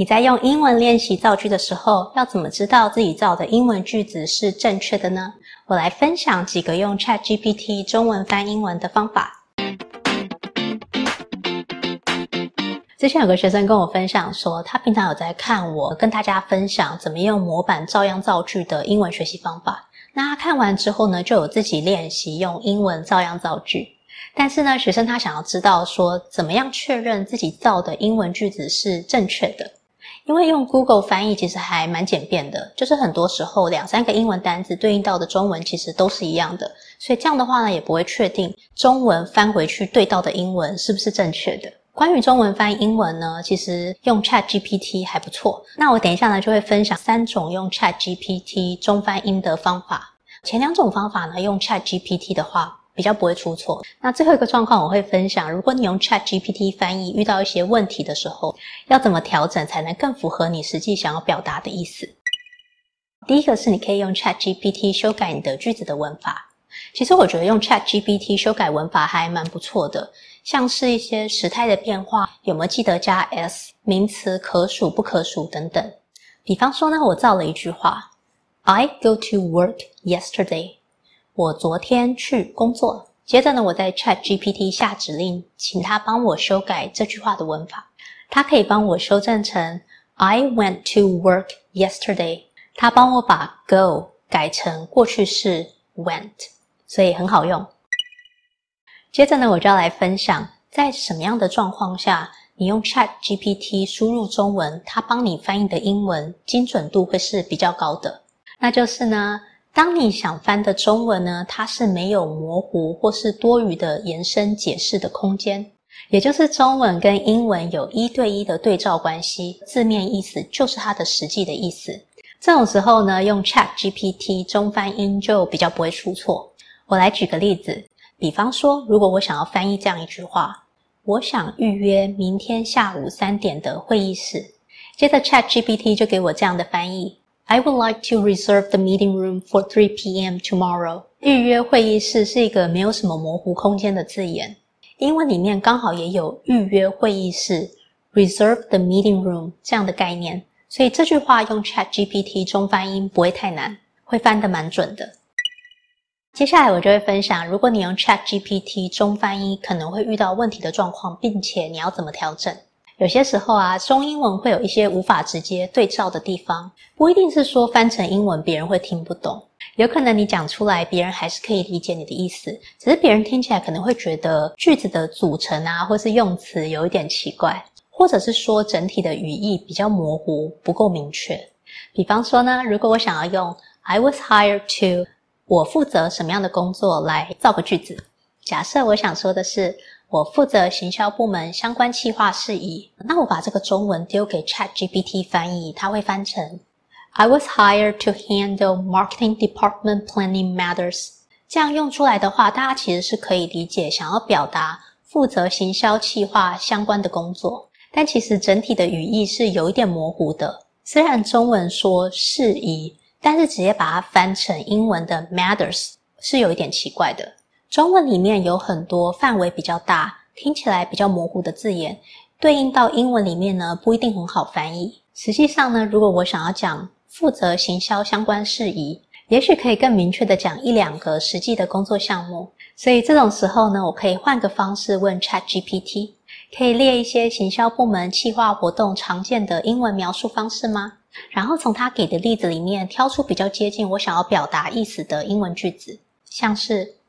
你在用英文練習造句的時候，要怎麼知道自己造的英文句子是正確的呢？我來分享幾個用 ChatGPT 中文翻英文的方法。之前有個學生跟我分享說，他平常有在看我跟大家分享怎麼用模板照樣造句的英文學習方法。那他看完之後呢，就有自己練習用英文照樣造句。但是呢，學生他想要知道說，怎麼樣確認自己造的英文句子是正確的。因為用 Google 翻譯其實還蠻簡便的，就是很多時候兩三個英文單字對應到的中文其實都是一樣的，所以這樣的話呢也不會確定中文翻回去對到的英文是不是正確的。關於中文翻英文呢，其實用 ChatGPT 還不錯。那我等一下呢就會分享三種用 ChatGPT 中翻英的方法。前兩種方法呢用 ChatGPT 的話。比較不會出錯。那最後一個狀況，我會分享，如果你用 ChatGPT 翻譯遇到一些問題的時候，要怎麼調整才能更符合你實際想要表達的意思？第一個是你可以用 ChatGPT 修改你的句子的文法。其實我覺得用 ChatGPT 修改文法還蠻不錯的，像是一些時態的變化，有沒有記得加 S，名詞可數不可數等等。比方說呢，我造了一句話，I go to work yesterday。我昨天去工作。接着呢，我在 ChatGPT 下指令，請他幫我修改這句話的文法。他可以幫我修正成 I went to work yesterday。他幫我把 go 改成過去式 went，所以很好用。接着呢，我就要來分享，在什麼樣的狀況下，你用 ChatGPT 輸入中文，他幫你翻譯的英文精準度會是比較高的。那就是呢。當你想翻的中文呢，它是沒有模糊或是多餘的延伸解釋的空間，也就是中文跟英文有一對一的對照關係，字面意思就是它的實際的意思。這種時候呢，用 ChatGPT 中翻英就比較不會出錯。我來舉個例子，比方說，如果我想要翻譯這樣一句話，我想預約明天下午三點的會議室，接着 ChatGPT 就給我這樣的翻譯。I would like to reserve the meeting room for 3 p.m. tomorrow. 預約會議室是一個沒有什麼模糊空間的字眼，英文裡面剛好也有預約會議室，reserve the meeting room 這樣的概念，所以這句話用 ChatGPT 中翻英不會太難，會翻得蠻準的。接下來我就會分享，如果你用 ChatGPT 中翻英可能會遇到問題的狀況，並且你要怎麼調整。有些時候啊，中英文會有一些無法直接對照的地方，不一定是說翻成英文別人會聽不懂，有可能你講出來別人還是可以理解你的意思，只是別人聽起來可能會覺得句子的組成啊，或是用詞有一點奇怪，或者是說整體的語義比較模糊，不夠明確。比方說呢，如果我想要用 I was hired to 我負責什麼樣的工作來造個句子，假設我想說的是，我負責行銷部門相關企劃事宜。那我把這個中文丟給 ChatGPT 翻譯，它會翻成 "I was hired to handle marketing department planning matters"。這樣用出來的話，大家其實是可以理解想要表達負責行銷企劃相關的工作，但其實整體的語義是有一點模糊的。雖然中文說事宜，但是直接把它翻成英文的 matters 是有一點奇怪的。中文裡面有很多範圍比較大、聽起來比較模糊的字眼，對應到英文裡面呢，不一定很好翻譯。實際上呢，如果我想要講負責行銷相關事宜，也許可以更明確的講一兩個實際的工作項目。所以這種時候呢，我可以換個方式問 ChatGPT，可以列一些行銷部門企劃活動常見的英文描述方式嗎？然後從他給的例子裡面挑出比較接近我想要表達意思的英文句子，像是。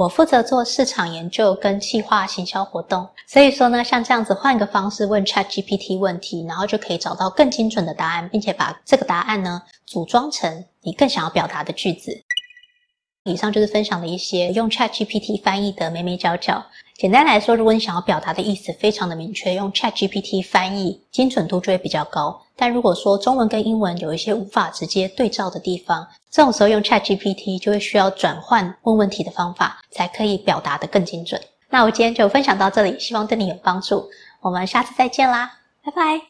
我負責做市場研究跟企劃行銷活動，所以說呢，像這樣子換一個方式問 ChatGPT 問題，然後就可以找到更精準的答案，並且把這個答案呢，組裝成你更想要表達的句子。以上就是分享的一些用 ChatGPT 翻譯的眉眉角角。簡單來說，如果你想要表達的意思非常的明確，用 ChatGPT 翻譯，精準度就會比較高。但如果說中文跟英文有一些無法直接對照的地方，這種時候用 ChatGPT 就會需要轉換問問題的方法，才可以表達的更精準。那我今天就分享到這裡，希望對你有幫助。我們下次再見啦，拜拜！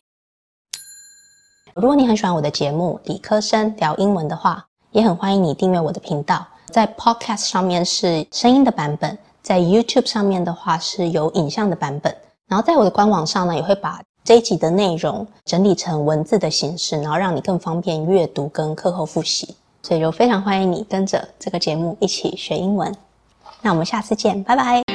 如果你很喜歡我的節目《理科生聊英文》的話，也很歡迎你訂閱我的頻道。在 Podcast 上面是聲音的版本，在 YouTube 上面的話是有影像的版本，然後在我的官網上呢也會把這一集的內容整理成文字的形式，然後讓你更方便閱讀跟課後復習。所以就非常歡迎你跟着這個節目一起學英文。那我們下次見，拜拜。